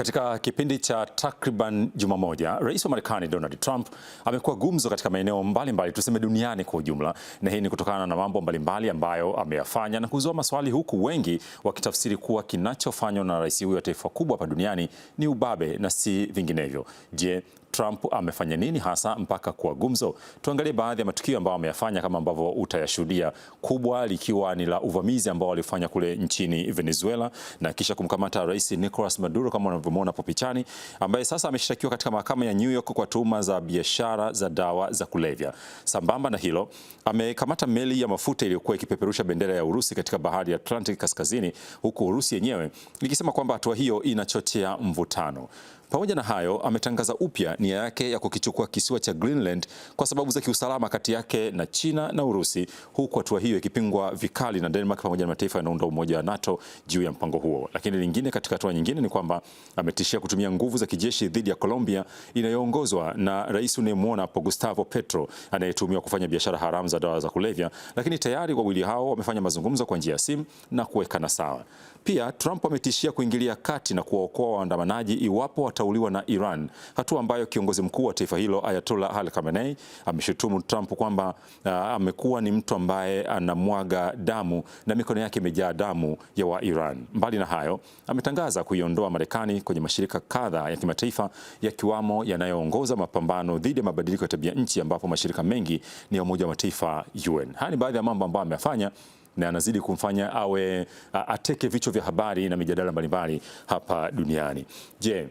Katika kipindi cha takriban juma moja, rais wa Marekani Donald Trump amekuwa gumzo katika maeneo mbalimbali, tuseme duniani kwa ujumla, na hii ni kutokana na mambo mbalimbali ambayo ameyafanya na kuzua maswali, huku wengi wakitafsiri kuwa kinachofanywa na rais huyo wa taifa kubwa hapa duniani ni ubabe na si vinginevyo. Je, Trump amefanya nini hasa mpaka kuwa gumzo? Tuangalie baadhi ya matukio ambayo ameyafanya kama ambavyo utayashuhudia, kubwa likiwa ni la uvamizi ambao walifanya kule nchini Venezuela na kisha kumkamata Rais Nicolas Maduro kama unavyomwona hapo pichani, ambaye sasa ameshtakiwa katika mahakama ya New York kwa tuhuma za biashara za dawa za kulevya. Sambamba na hilo, amekamata meli ya mafuta iliyokuwa ikipeperusha bendera ya Urusi katika bahari ya Atlantic kaskazini, huku Urusi yenyewe likisema kwamba hatua hiyo inachochea mvutano. Pamoja na hayo, ametangaza upya nia yake ya kukichukua kisiwa cha Greenland kwa sababu za kiusalama kati yake na China na Urusi, huku hatua hiyo ikipingwa vikali na Denmark pamoja na mataifa yanayounda Umoja wa NATO juu ya mpango huo. Lakini lingine, katika hatua nyingine, ni kwamba ametishia kutumia nguvu za kijeshi dhidi ya Colombia inayoongozwa na rais hapo Gustavo Petro anayetumiwa kufanya biashara haramu za dawa za kulevya, lakini tayari wawili hao wamefanya mazungumzo kwa njia ya simu na kuwekana sawa. Pia Trump ametishia kuingilia kati na kuwaokoa waandamanaji iwapo kutauliwa na Iran, hatua ambayo kiongozi mkuu wa taifa hilo Ayatollah Ali Khamenei ameshutumu Trump kwamba uh, amekuwa ni mtu ambaye anamwaga damu na mikono yake imejaa damu ya wa Iran. Mbali na hayo, ametangaza kuiondoa Marekani kwenye mashirika kadha ya kimataifa yakiwamo yanayoongoza mapambano dhidi ya mabadiliko ya tabia nchi ambapo mashirika mengi ni ya Umoja wa Mataifa UN. Haya ni baadhi ya mambo ambayo amefanya na anazidi kumfanya awe ateke vichwa vya habari na mijadala mbalimbali hapa duniani. Je,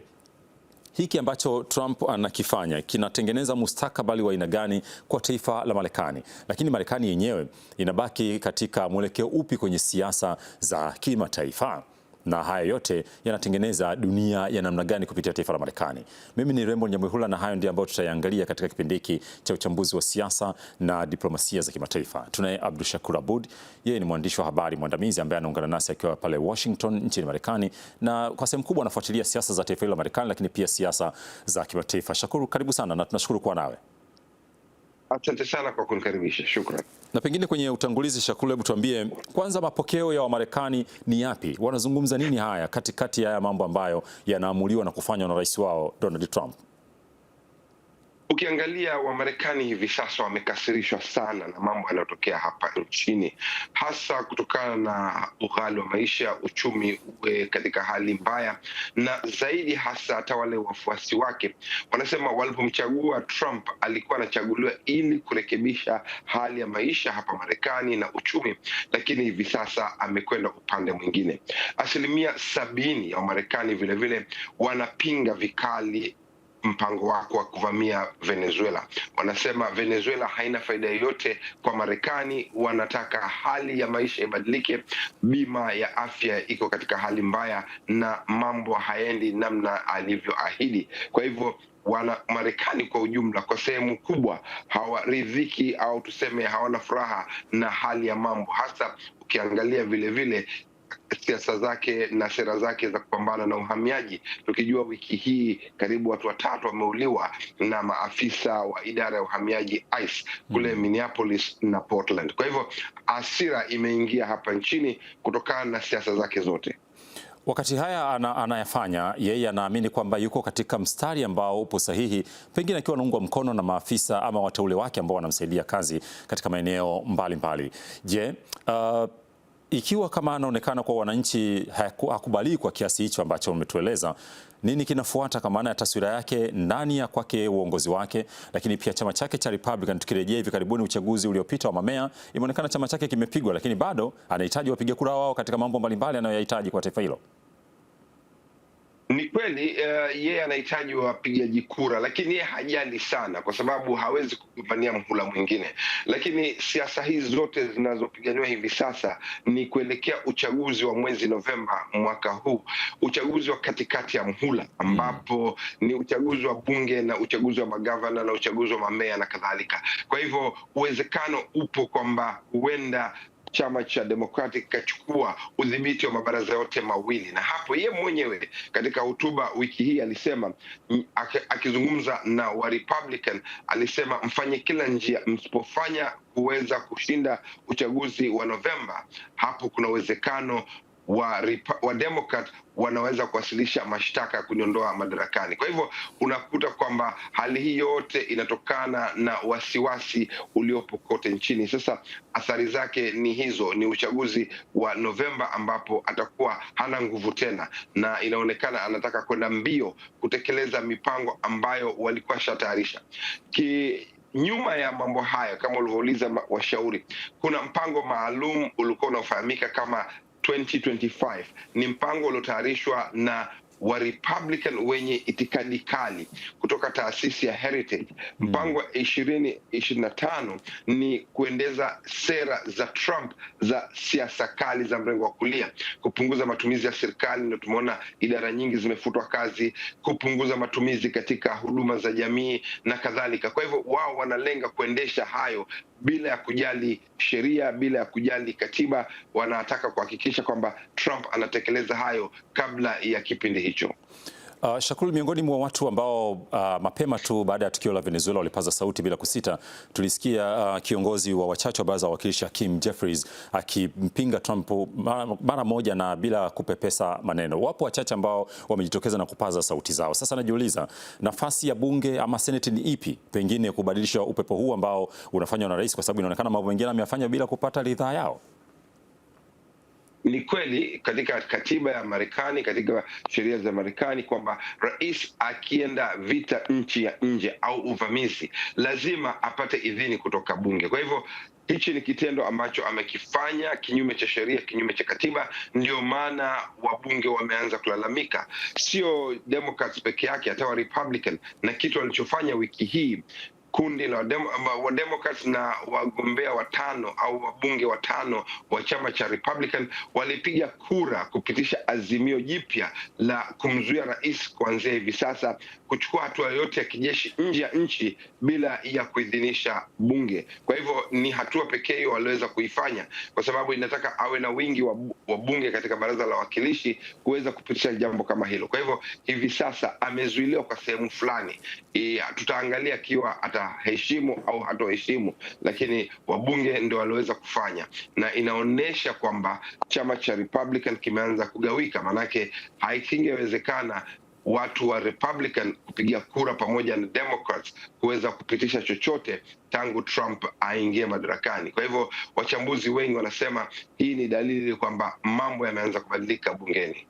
hiki ambacho Trump anakifanya kinatengeneza mustakabali wa aina gani kwa taifa la Marekani? Lakini Marekani yenyewe inabaki katika mwelekeo upi kwenye siasa za kimataifa? na haya yote yanatengeneza dunia ya namna gani kupitia taifa la Marekani. Mimi ni Raymond Nyamwihula na hayo ndio ambayo tutayaangalia katika kipindi hiki cha uchambuzi wa siasa na diplomasia za kimataifa. Tunaye Abdul Shakur Abud, yeye ni mwandishi wa habari mwandamizi ambaye anaungana nasi akiwa pale Washington nchini Marekani, na kwa sehemu kubwa anafuatilia siasa za taifa hilo la Marekani, lakini pia siasa za kimataifa. Shakuru, karibu sana na tunashukuru kuwa nawe. Asante sana kwa kunikaribisha, shukran. Na pengine kwenye utangulizi, Shakule, hebu tuambie kwanza, mapokeo ya Wamarekani ni yapi? Wanazungumza nini haya katikati ya haya mambo ambayo yanaamuliwa na kufanywa na rais wao Donald Trump? Ukiangalia Wamarekani hivi sasa wamekasirishwa sana na mambo yanayotokea hapa nchini, hasa kutokana na ughali wa maisha, uchumi uwe katika hali mbaya, na zaidi hasa hata wale wafuasi wake wanasema walipomchagua Trump alikuwa anachaguliwa ili kurekebisha hali ya maisha hapa Marekani na uchumi, lakini hivi sasa amekwenda upande mwingine. Asilimia sabini ya Wamarekani vilevile wanapinga vikali mpango wako wa kuvamia Venezuela. Wanasema Venezuela haina faida yoyote kwa Marekani, wanataka hali ya maisha ibadilike, bima ya afya iko katika hali mbaya na mambo hayaendi namna alivyoahidi. Kwa hivyo wana Marekani kwa ujumla kwa sehemu kubwa hawaridhiki au tuseme hawana furaha na hali ya mambo, hasa ukiangalia vilevile siasa zake na sera zake za kupambana na uhamiaji, tukijua wiki hii karibu watu watatu wameuliwa na maafisa wa idara ya uhamiaji ICE kule mm. Minneapolis na Portland. Kwa hivyo asira imeingia hapa nchini kutokana na siasa zake zote. Wakati haya ana, anayafanya yeye anaamini kwamba yuko katika mstari ambao upo sahihi, pengine akiwa anaungwa mkono na maafisa ama wateule wake ambao wanamsaidia kazi katika maeneo mbalimbali. Je, uh, ikiwa kama anaonekana kwa wananchi hakubali kwa kiasi hicho ambacho umetueleza, nini kinafuata kwa maana ya taswira yake ndani ya kwake uongozi wake, lakini pia chama chake cha Republican? Tukirejea hivi karibuni uchaguzi uliopita wa mamea, imeonekana chama chake kimepigwa, lakini bado anahitaji wapige kura wao katika mambo mbalimbali anayoyahitaji kwa taifa hilo. Ni kweli uh, yeye anahitaji wapigaji kura, lakini yeye hajali sana, kwa sababu hawezi kupania mhula mwingine. Lakini siasa hizi zote zinazopiganiwa hivi sasa ni kuelekea uchaguzi wa mwezi Novemba mwaka huu, uchaguzi wa katikati ya mhula, ambapo ni uchaguzi wa bunge na uchaguzi wa magavana na uchaguzi wa mamea na kadhalika. Kwa hivyo uwezekano upo kwamba huenda chama cha Democratic kachukua udhibiti wa mabaraza yote mawili, na hapo ye mwenyewe katika hotuba wiki hii alisema, akizungumza na wa Republican alisema, mfanye kila njia, msipofanya kuweza kushinda uchaguzi wa Novemba, hapo kuna uwezekano wa, wa Democrat wanaweza kuwasilisha mashtaka ya kuniondoa madarakani. Kwa hivyo unakuta kwamba hali hii yote inatokana na wasiwasi uliopo kote nchini. Sasa athari zake ni hizo, ni uchaguzi wa Novemba ambapo atakuwa hana nguvu tena, na inaonekana anataka kwenda mbio kutekeleza mipango ambayo walikuwa shatayarisha ki nyuma ya mambo hayo, kama ulivyouliza washauri, kuna mpango maalum ulikuwa unaofahamika kama 2025 ni mpango uliotayarishwa na wa Republican wenye itikadi kali kutoka taasisi ya Heritage. Hmm. Mpango wa ishirini ishirini na tano ni kuendeza sera za Trump za siasa kali za mrengo wa kulia, kupunguza matumizi ya serikali, ndio tumeona idara nyingi zimefutwa kazi, kupunguza matumizi katika huduma za jamii na kadhalika. Kwa hivyo wao wanalenga kuendesha hayo bila ya kujali sheria, bila ya kujali katiba. Wanataka kuhakikisha kwamba Trump anatekeleza hayo kabla ya kipindi hicho. Uh, Shakuru, miongoni mwa watu ambao uh, mapema tu baada ya tukio la Venezuela walipaza sauti bila kusita, tulisikia uh, kiongozi wa wachache wa Baraza la Wawakilishi Hakeem Jeffries akimpinga Trump mara moja na bila kupepesa maneno. Wapo wachache ambao wamejitokeza na kupaza sauti zao. Sasa najiuliza nafasi ya bunge ama seneti ni ipi, pengine kubadilisha upepo huu ambao unafanywa na rais, kwa sababu inaonekana mambo mengine ameyafanya bila kupata ridhaa yao ni kweli katika katiba ya Marekani, katika sheria za Marekani kwamba rais akienda vita nchi ya nje au uvamizi, lazima apate idhini kutoka bunge. Kwa hivyo hichi ni kitendo ambacho amekifanya kinyume cha sheria, kinyume cha katiba. Ndio maana wabunge wameanza kulalamika, sio Democrats peke yake, hata wa Republican. Na kitu alichofanya wiki hii kundi la Wademokrat na wagombea watano au wabunge watano wa chama cha Republican walipiga kura kupitisha azimio jipya la kumzuia rais kuanzia hivi sasa kuchukua hatua yoyote ya kijeshi nje ya nchi bila ya kuidhinisha bunge. Kwa hivyo ni hatua pekee hiyo waliweza kuifanya, kwa sababu inataka awe na wingi wa bunge katika baraza la wawakilishi kuweza kupitisha jambo kama hilo. Kwa hivyo hivi sasa amezuiliwa kwa sehemu fulani. tutaangalia akiwa ata ataheshimu au hatoheshimu, lakini wabunge ndio waliweza kufanya, na inaonyesha kwamba chama cha Republican kimeanza kugawika, maanake haikingewezekana watu wa Republican kupigia kura pamoja na Democrats kuweza kupitisha chochote tangu Trump aingie madarakani. Kwa hivyo wachambuzi wengi wanasema hii ni dalili kwamba mambo yameanza kubadilika bungeni.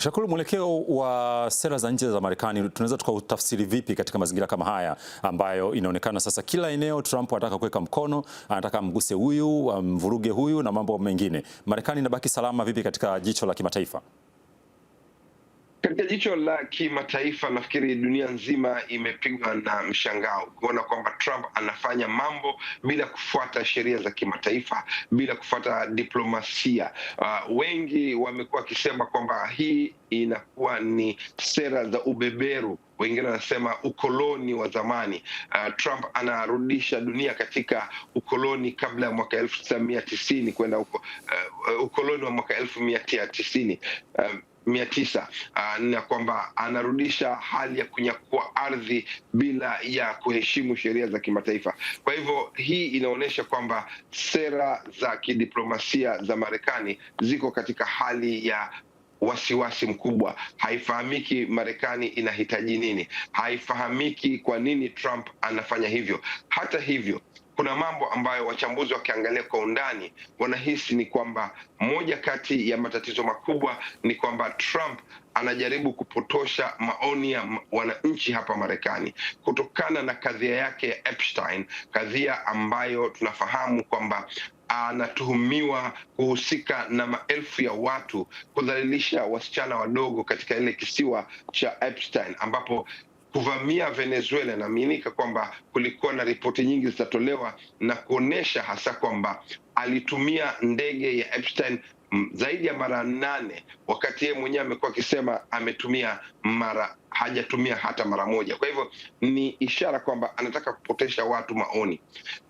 Shakuru, mwelekeo wa sera za nje za Marekani tunaweza tukautafsiri vipi katika mazingira kama haya ambayo inaonekana sasa kila eneo Trump anataka kuweka mkono, anataka amguse huyu, amvuruge huyu na mambo mengine. Marekani inabaki salama vipi katika jicho la kimataifa? Katika jicho la kimataifa, nafikiri dunia nzima imepigwa na mshangao kuona kwamba Trump anafanya mambo bila kufuata sheria za kimataifa, bila kufuata diplomasia. Uh, wengi wamekuwa wakisema kwamba hii inakuwa ni sera za ubeberu wengine wanasema ukoloni wa zamani. Uh, Trump anarudisha dunia katika ukoloni kabla ya mwaka elfu tisa mia tisini kwenda uko, uh, ukoloni wa mwaka elfu mia tia tisini. Uh, mia tisa ah, na kwamba anarudisha hali ya kunyakua ardhi bila ya kuheshimu sheria za kimataifa. Kwa hivyo hii inaonyesha kwamba sera za kidiplomasia za Marekani ziko katika hali ya wasiwasi mkubwa. Haifahamiki Marekani inahitaji nini, haifahamiki kwa nini Trump anafanya hivyo. Hata hivyo kuna mambo ambayo wachambuzi wakiangalia kwa undani wanahisi ni kwamba moja kati ya matatizo makubwa ni kwamba Trump anajaribu kupotosha maoni ya wananchi hapa Marekani kutokana na kadhia yake ya Epstein, kadhia ambayo tunafahamu kwamba anatuhumiwa kuhusika na maelfu ya watu kudhalilisha wasichana wadogo katika ile kisiwa cha Epstein, ambapo kuvamia Venezuela, inaaminika kwamba kulikuwa na ripoti nyingi zitatolewa na kuonyesha hasa kwamba alitumia ndege ya Epstein mm, zaidi ya mara nane, wakati yeye mwenyewe amekuwa akisema ametumia mara hajatumia hata mara moja. Kwa hivyo ni ishara kwamba anataka kupotesha watu maoni.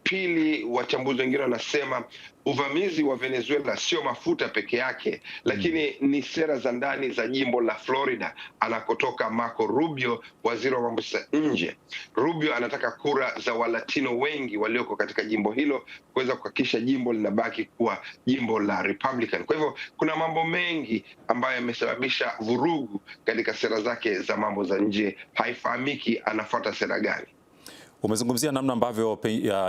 Pili, wachambuzi wengine wanasema uvamizi wa Venezuela sio mafuta peke yake, lakini hmm, ni sera za ndani za jimbo la Florida anakotoka Marco Rubio, waziri wa mambo ya nje. Rubio anataka kura za Walatino wengi walioko katika jimbo hilo kuweza kuhakikisha jimbo linabaki kuwa jimbo la Republican. Kwa hivyo kuna mambo mengi ambayo yamesababisha vurugu katika sera zake za mambo mambo za nje haifahamiki anafuata sera gani. Umezungumzia namna ambavyo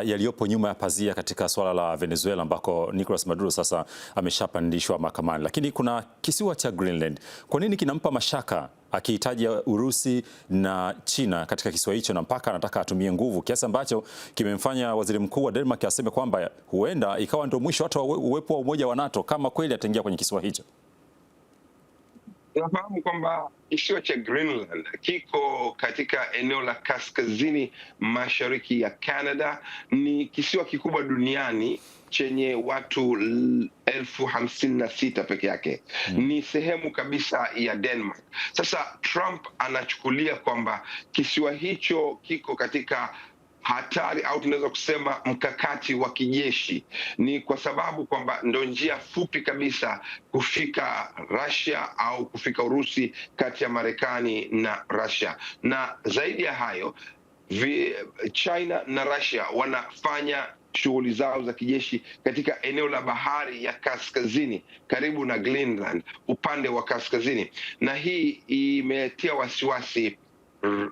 yaliyopo nyuma ya pazia katika swala la Venezuela ambako Nicolas Maduro sasa ameshapandishwa mahakamani, lakini kuna kisiwa cha Greenland. Kwa nini kinampa mashaka akihitaji Urusi na China katika kisiwa hicho, na mpaka anataka atumie nguvu, kiasi ambacho kimemfanya waziri mkuu wa Denmark aseme kwamba huenda ikawa ndio mwisho hata uwepo wa umoja wa NATO kama kweli ataingia kwenye kisiwa hicho? tunafahamu kwamba kisiwa cha Greenland kiko katika eneo la kaskazini mashariki ya Canada. Ni kisiwa kikubwa duniani chenye watu elfu hamsini na sita peke yake. Hmm. Ni sehemu kabisa ya Denmark. Sasa Trump anachukulia kwamba kisiwa hicho kiko katika hatari au tunaweza kusema mkakati wa kijeshi, ni kwa sababu kwamba ndo njia fupi kabisa kufika Russia au kufika Urusi kati ya Marekani na Russia, na zaidi ya hayo China na Russia wanafanya shughuli zao za kijeshi katika eneo la bahari ya kaskazini karibu na Greenland, upande wa kaskazini, na hii imetia wasiwasi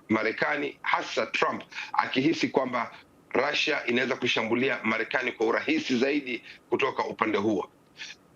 Marekani hasa Trump akihisi kwamba Russia inaweza kushambulia Marekani kwa urahisi zaidi kutoka upande huo.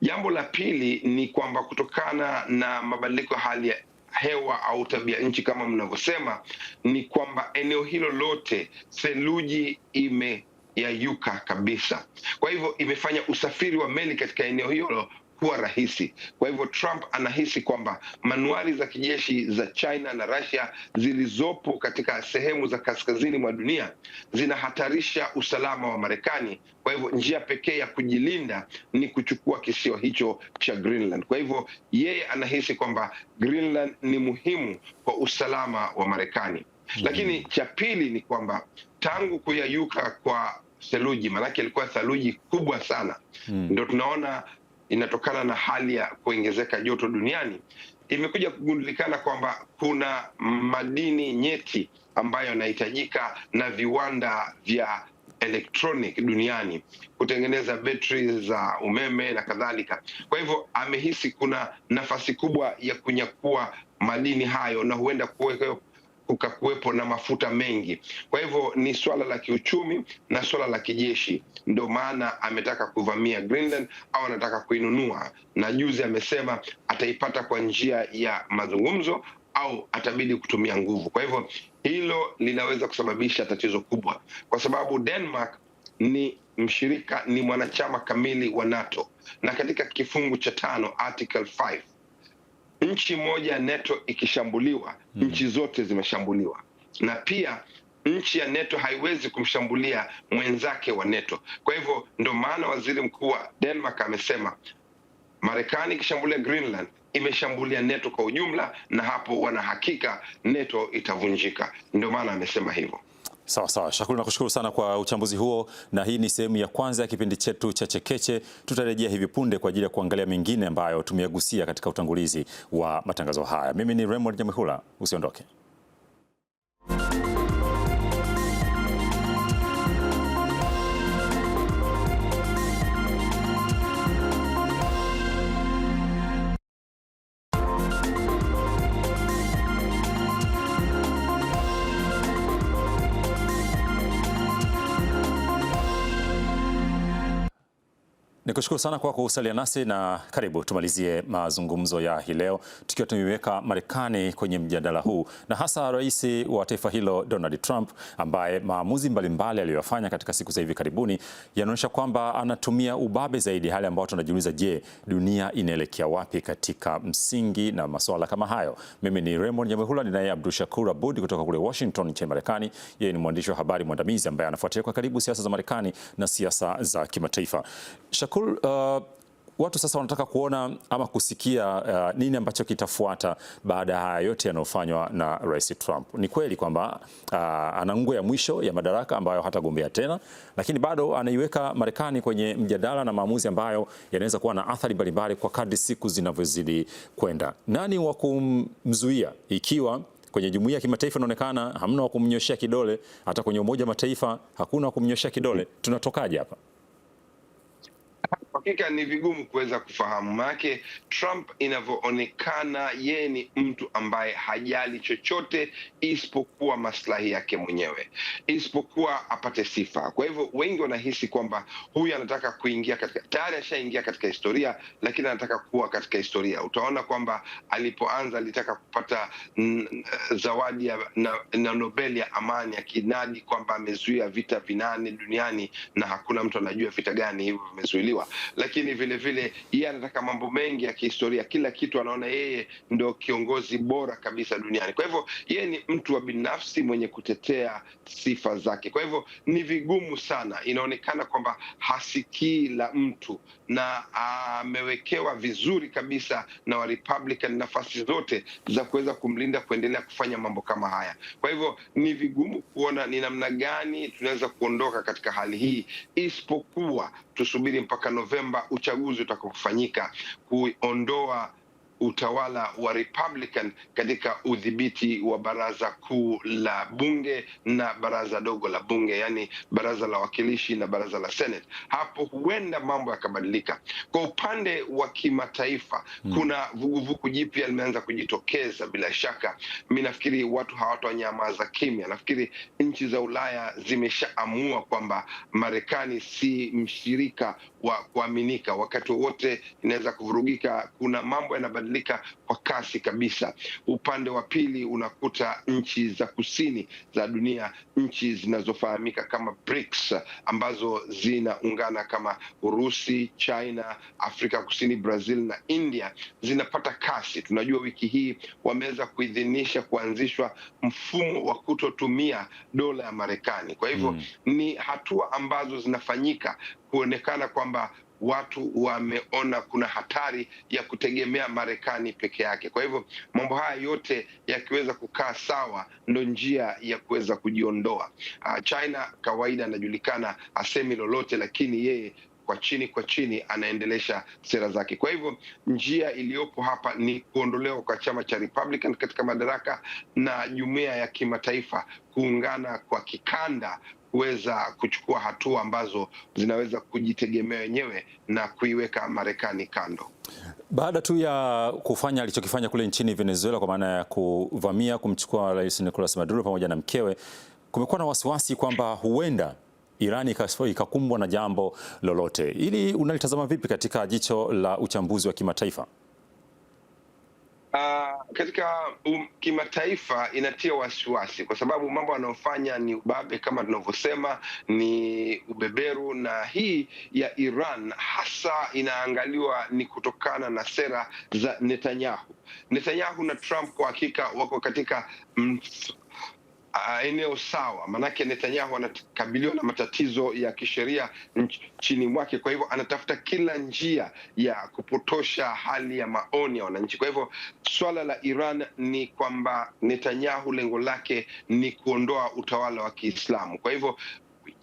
Jambo la pili ni kwamba kutokana na mabadiliko ya hali ya hewa au tabia nchi kama mnavyosema, ni kwamba eneo hilo lote theluji ime yayuka kabisa. Kwa hivyo imefanya usafiri wa meli katika eneo hilo kuwa rahisi. Kwa hivyo Trump anahisi kwamba manuari za kijeshi za China na Russia zilizopo katika sehemu za kaskazini mwa dunia zinahatarisha usalama wa Marekani. Kwa hivyo njia pekee ya kujilinda ni kuchukua kisiwa hicho cha Greenland. Kwa hivyo yeye anahisi kwamba Greenland ni muhimu kwa usalama wa Marekani. Hmm. Lakini cha pili ni kwamba tangu kuyayuka kwa theluji, maanake ilikuwa theluji kubwa sana, hmm. Ndo tunaona inatokana na hali ya kuongezeka joto duniani, imekuja kugundulikana kwamba kuna madini nyeti ambayo yanahitajika na viwanda vya electronic duniani kutengeneza betri za umeme na kadhalika. Kwa hivyo amehisi kuna nafasi kubwa ya kunyakua madini hayo na huenda kuwekwa kukakuwepo na mafuta mengi. Kwa hivyo ni swala la kiuchumi na swala la kijeshi, ndo maana ametaka kuvamia Greenland au anataka kuinunua, na juzi amesema ataipata kwa njia ya mazungumzo au atabidi kutumia nguvu. Kwa hivyo hilo linaweza kusababisha tatizo kubwa, kwa sababu Denmark ni mshirika, ni mwanachama kamili wa NATO, na katika kifungu cha tano article 5 nchi moja ya NATO ikishambuliwa mm. nchi zote zimeshambuliwa, na pia nchi ya NATO haiwezi kumshambulia mwenzake wa NATO. Kwa hivyo ndo maana waziri mkuu wa Denmark amesema Marekani ikishambulia Greenland imeshambulia NATO kwa ujumla, na hapo wanahakika NATO itavunjika. Ndio maana amesema hivyo. Sawa sawa, Shakuru, nakushukuru sana kwa uchambuzi huo, na hii ni sehemu ya kwanza ya kipindi chetu cha Chekeche. Tutarejea hivi punde kwa ajili ya kuangalia mengine ambayo tumeyagusia katika utangulizi wa matangazo haya. Mimi ni Raymond Nyamwihula, usiondoke. Nikushukuru sana kwa kusalia nasi na karibu tumalizie mazungumzo ya hii leo tukiwa tumeiweka Marekani kwenye mjadala huu na hasa rais wa taifa hilo Donald Trump ambaye maamuzi mbalimbali aliyoyafanya katika siku za hivi karibuni yanaonyesha kwamba anatumia ubabe zaidi, hali ambayo tunajiuliza, je, dunia inaelekea wapi katika msingi na masuala kama hayo? Mimi ni Raymond Nyamwehula, ninaye Abdul Shakur Abud kutoka kule Washington nchini Marekani. Yeye ni mwandishi wa habari mwandamizi ambaye anafuatilia kwa karibu siasa za Marekani na siasa za kimataifa. Shakur Abdul, uh, watu sasa wanataka kuona ama kusikia uh, nini ambacho kitafuata baada ya haya yote yanayofanywa na Rais Trump. Ni kweli kwamba uh, ana ngwe ya mwisho ya madaraka ambayo hatagombea tena, lakini bado anaiweka Marekani kwenye mjadala na maamuzi ambayo yanaweza kuwa na athari mbalimbali kwa kadri siku zinavyozidi kwenda. Nani wa kumzuia ikiwa kwenye jumuiya ya kimataifa inaonekana hamna wa kumnyoshea kidole, hata kwenye Umoja wa Mataifa hakuna wa kumnyoshea kidole, tunatokaje hapa? hakika ni vigumu kuweza kufahamu, maanake Trump inavyoonekana, yeye ni mtu ambaye hajali chochote isipokuwa maslahi yake mwenyewe, isipokuwa apate sifa. Kwa hivyo wengi wanahisi kwamba huyu anataka kuingia katika, tayari ashaingia katika historia, lakini anataka kuwa katika historia. Utaona kwamba alipoanza alitaka kupata zawadi ya na, na Nobel ya amani, akinadi kwamba amezuia vita vinane duniani na hakuna mtu anajua vita gani hivyo vimezuiliwa lakini vilevile yeye anataka mambo mengi ya kihistoria. Kila kitu anaona yeye ndo kiongozi bora kabisa duniani. Kwa hivyo yeye ni mtu wa binafsi mwenye kutetea sifa zake. Kwa hivyo ni vigumu sana, inaonekana kwamba hasikii la mtu na amewekewa vizuri kabisa na wa Republican nafasi zote za kuweza kumlinda kuendelea kufanya mambo kama haya. Kwa hivyo ni vigumu kuona ni namna gani tunaweza kuondoka katika hali hii, isipokuwa tusubiri mpaka Novemba Novemba uchaguzi utakaofanyika kuondoa utawala wa Republican katika udhibiti wa baraza kuu la bunge na baraza dogo la bunge, yaani baraza la wakilishi na baraza la Senate. Hapo huenda mambo yakabadilika. Kwa upande wa kimataifa, mm, kuna vuguvugu jipya limeanza kujitokeza. Bila shaka, mi nafikiri watu za kimya. Nafikiri nchi za Ulaya zimeshaamua kwamba Marekani si mshirika wa kuaminika. Wakati wowote inaweza kuvurugika. Kuna mambo yanabadilika kwa kasi kabisa. Upande wa pili unakuta nchi za kusini za dunia, nchi zinazofahamika kama BRICS, ambazo zinaungana kama Urusi, China, Afrika Kusini, Brazil na India zinapata kasi. Tunajua wiki hii wameweza kuidhinisha kuanzishwa mfumo wa kutotumia dola ya Marekani. Kwa hivyo mm, ni hatua ambazo zinafanyika kuonekana kwamba watu wameona kuna hatari ya kutegemea Marekani peke yake. Kwa hivyo mambo haya yote yakiweza kukaa sawa, ndo njia ya kuweza kujiondoa. Ah, China kawaida anajulikana asemi lolote, lakini yeye kwa chini kwa chini anaendelesha sera zake. Kwa hivyo njia iliyopo hapa ni kuondolewa kwa chama cha Republican katika madaraka na jumuiya ya kimataifa kuungana kwa kikanda kuweza kuchukua hatua ambazo zinaweza kujitegemea wenyewe na kuiweka Marekani kando. Baada tu ya kufanya alichokifanya kule nchini Venezuela kwa maana ya kuvamia kumchukua Rais Nicolas Maduro pamoja na mkewe, kumekuwa na wasiwasi kwamba huenda iran ikakumbwa na jambo lolote. Ili unalitazama vipi katika jicho la uchambuzi wa kimataifa? Uh, katika um, kimataifa inatia wasiwasi kwa sababu mambo anayofanya ni ubabe kama tunavyosema, ni ubeberu, na hii ya Iran hasa inaangaliwa ni kutokana na sera za Netanyahu. Netanyahu na Trump kwa hakika wako katika eneo sawa, maanake Netanyahu anakabiliwa na matatizo ya kisheria nchini mwake. Kwa hivyo anatafuta kila njia ya kupotosha hali ya maoni ya wananchi. Kwa hivyo swala la Iran ni kwamba Netanyahu lengo lake ni kuondoa utawala wa Kiislamu. Kwa hivyo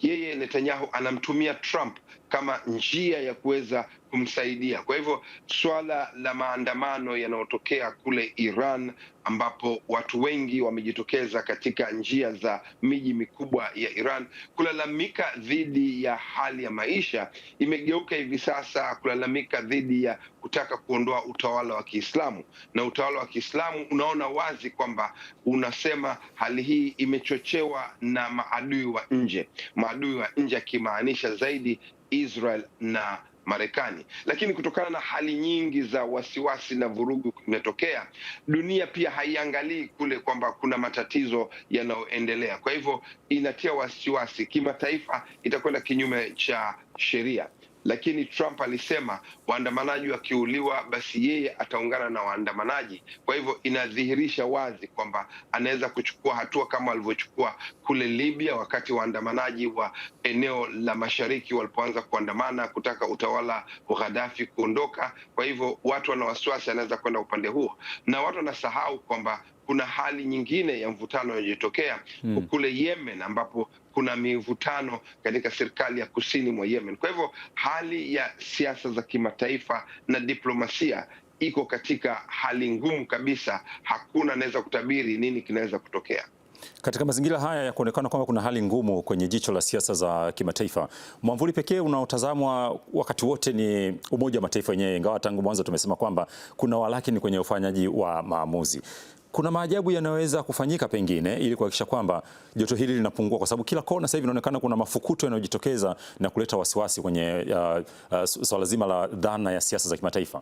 yeye Netanyahu anamtumia Trump kama njia ya kuweza kumsaidia. Kwa hivyo swala la maandamano yanayotokea kule Iran, ambapo watu wengi wamejitokeza katika njia za miji mikubwa ya Iran kulalamika dhidi ya hali ya maisha, imegeuka hivi sasa kulalamika dhidi ya kutaka kuondoa utawala wa Kiislamu, na utawala wa Kiislamu unaona wazi kwamba unasema hali hii imechochewa na maadui wa nje Ma adui wa nje, akimaanisha zaidi Israel na Marekani. Lakini kutokana na hali nyingi za wasiwasi na vurugu imetokea, dunia pia haiangalii kule kwamba kuna matatizo yanayoendelea. Kwa hivyo inatia wasiwasi kimataifa, itakwenda kinyume cha sheria lakini Trump alisema waandamanaji wakiuliwa, basi yeye ataungana na waandamanaji. Kwa hivyo inadhihirisha wazi kwamba anaweza kuchukua hatua kama alivyochukua kule Libya, wakati waandamanaji wa eneo la mashariki walipoanza kuandamana kutaka utawala wa ghadafi kuondoka. Kwa hivyo watu wana wasiwasi, anaweza kwenda upande huo, na watu wanasahau kwamba kuna hali nyingine ya mvutano iliyotokea hmm, kule Yemen ambapo kuna mivutano katika serikali ya kusini mwa Yemen. Kwa hivyo hali ya siasa za kimataifa na diplomasia iko katika hali ngumu kabisa. Hakuna anaweza kutabiri nini kinaweza kutokea. Katika mazingira haya ya kuonekana kwamba kuna hali ngumu kwenye jicho la siasa za kimataifa, mwamvuli pekee unaotazamwa wakati wote ni Umoja wa Mataifa wenyewe, ingawa tangu mwanzo tumesema kwamba kuna walakini kwenye ufanyaji wa maamuzi kuna maajabu yanayoweza kufanyika pengine ili kuhakikisha kwamba joto hili linapungua, kwa sababu kila kona sasa hivi inaonekana kuna mafukuto yanayojitokeza na kuleta wasiwasi kwenye uh, uh, swala so zima la dhana ya siasa za kimataifa.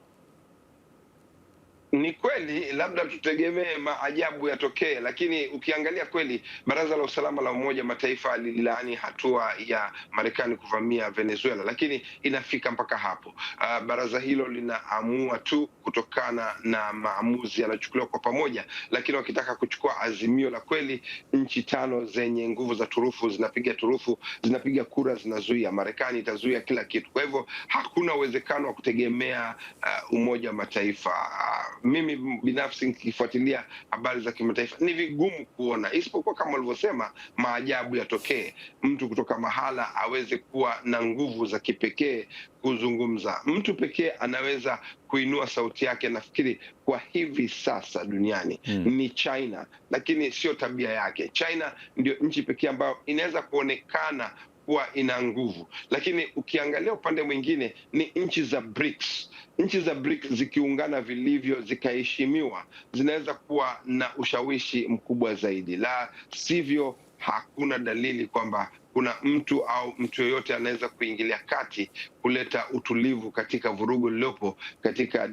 Ni kweli labda tutegemee maajabu yatokee, lakini ukiangalia kweli, baraza la usalama la Umoja Mataifa lililaani hatua ya Marekani kuvamia Venezuela, lakini inafika mpaka hapo. Uh, baraza hilo linaamua tu kutokana na maamuzi yanayochukuliwa kwa pamoja, lakini wakitaka kuchukua azimio la kweli, nchi tano zenye nguvu za turufu zinapiga turufu, zinapiga kura, zinazuia. Marekani itazuia kila kitu. Kwa hivyo hakuna uwezekano wa kutegemea uh, Umoja wa Mataifa uh, mimi binafsi nikifuatilia habari za kimataifa ni vigumu kuona, isipokuwa kama ulivyosema, maajabu yatokee, mtu kutoka mahala aweze kuwa na nguvu za kipekee kuzungumza. Mtu pekee anaweza kuinua sauti yake, nafikiri kwa hivi sasa duniani hmm, ni China, lakini sio tabia yake. China ndio nchi pekee ambayo inaweza kuonekana kuwa ina nguvu. Lakini ukiangalia upande mwingine ni nchi za BRICS. Nchi za BRICS zikiungana vilivyo, zikaheshimiwa, zinaweza kuwa na ushawishi mkubwa zaidi, la sivyo hakuna dalili kwamba kuna mtu au mtu yoyote anaweza kuingilia kati kuleta utulivu katika vurugu lililopo katika,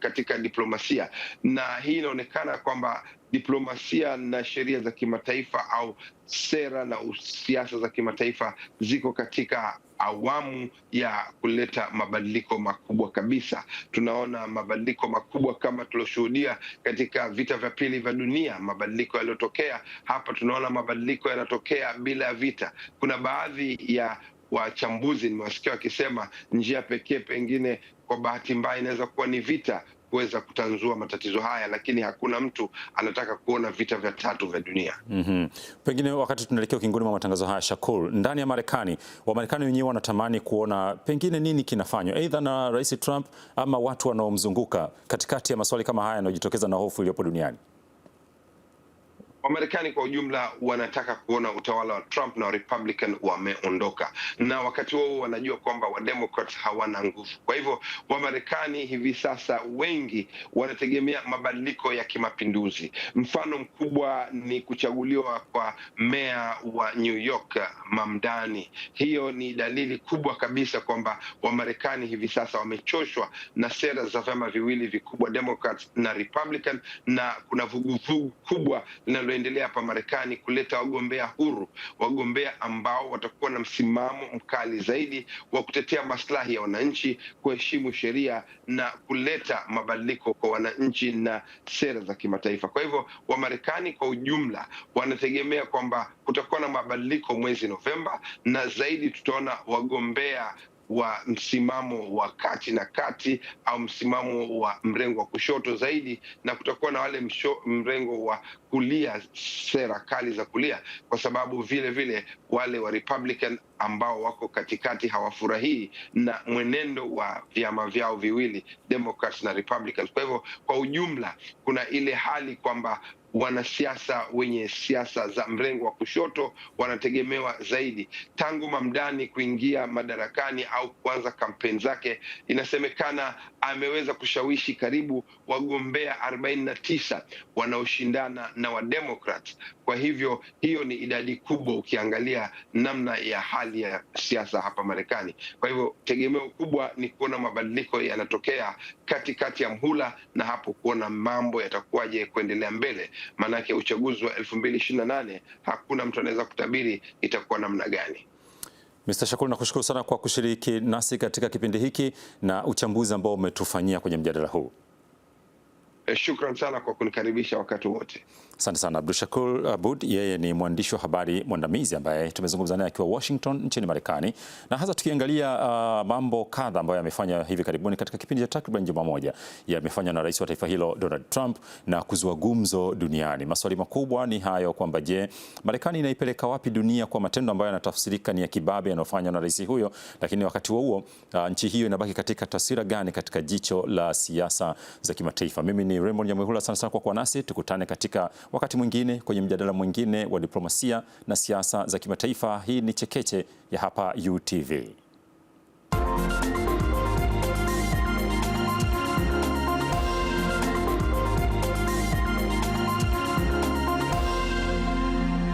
katika diplomasia. Na hii inaonekana kwamba diplomasia na sheria za kimataifa au sera na siasa za kimataifa ziko katika awamu ya kuleta mabadiliko makubwa kabisa. Tunaona mabadiliko makubwa kama tulioshuhudia katika vita vya pili vya dunia, mabadiliko yaliyotokea hapa. Tunaona mabadiliko yanatokea bila ya vita. Kuna baadhi ya wachambuzi nimewasikia wakisema njia pekee pengine kwa bahati mbaya inaweza kuwa ni vita kuweza kutanzua matatizo haya, lakini hakuna mtu anataka kuona vita vya tatu vya dunia. mm -hmm. Pengine wakati tunaelekea ukingoni mwa matangazo haya, Shakur, ndani ya Marekani, Wamarekani wenyewe wanatamani kuona pengine nini kinafanywa aidha na Rais Trump ama watu wanaomzunguka katikati ya maswali kama haya yanayojitokeza na hofu iliyopo duniani. Wamarekani kwa ujumla wanataka kuona utawala wa Trump na wa Republican wameondoka, na wakati huo wanajua kwamba Wademokrat hawana nguvu. Kwa hivyo Wamarekani hivi sasa wengi wanategemea mabadiliko ya kimapinduzi. Mfano mkubwa ni kuchaguliwa kwa meya wa New York Mamdani. Hiyo ni dalili kubwa kabisa kwamba Wamarekani hivi sasa wamechoshwa na sera za vyama viwili vikubwa Democrats na Republican, na kuna vuguvugu kubwa linalo linaloendelea hapa Marekani, kuleta wagombea huru, wagombea ambao watakuwa na msimamo mkali zaidi wa kutetea maslahi ya wananchi, kuheshimu sheria na kuleta mabadiliko kwa wananchi na sera za kimataifa. Kwa hivyo, Wamarekani kwa ujumla wanategemea kwamba kutakuwa na mabadiliko mwezi Novemba, na zaidi tutaona wagombea wa msimamo wa kati na kati au msimamo wa mrengo wa kushoto zaidi, na kutakuwa na wale msho, mrengo wa kulia sera kali za kulia, kwa sababu vile vile wale wa Republican ambao wako katikati hawafurahii na mwenendo wa vyama vyao viwili Democrats na Republicans. Kwa hivyo, kwa ujumla, kuna ile hali kwamba wanasiasa wenye siasa za mrengo wa kushoto wanategemewa zaidi. Tangu Mamdani kuingia madarakani au kuanza kampeni zake, inasemekana ameweza kushawishi karibu wagombea arobaini na tisa wanaoshindana na Wademokrat. Kwa hivyo hiyo ni idadi kubwa, ukiangalia namna ya hali ya siasa hapa Marekani. Kwa hivyo tegemeo kubwa ni kuona mabadiliko yanatokea katikati ya mhula, na hapo kuona mambo yatakuwaje kuendelea mbele, maanake uchaguzi wa elfu mbili ishirini na nane hakuna mtu anaweza kutabiri itakuwa namna gani. Mr. Shakuru, nakushukuru sana kwa kushiriki nasi katika kipindi hiki na uchambuzi ambao umetufanyia kwenye mjadala huu. Eh, shukran sana kwa kunikaribisha wakati wote. Asante sana Abdul Shakur Abud, yeye ni mwandishi wa habari mwandamizi ambaye tumezungumza naye akiwa Washington nchini Marekani, na hasa tukiangalia uh, mambo kadha ambayo yamefanya hivi karibuni katika kipindi cha takriban juma moja, yamefanywa na rais wa taifa hilo Donald Trump na kuzua gumzo duniani. Maswali makubwa ni hayo kwamba je, Marekani inaipeleka wapi dunia kwa matendo ambayo yanatafsirika ni ya kibabe yanayofanywa na rais huyo, lakini wakati wa huo uh, nchi hiyo inabaki katika taswira gani katika jicho la siasa za kimataifa? Mimi ni Raymond Nyamwihula, sana sana kwa kuwa nasi, tukutane katika wakati mwingine kwenye mjadala mwingine wa diplomasia na siasa za kimataifa. Hii ni Chekeche ya hapa UTV.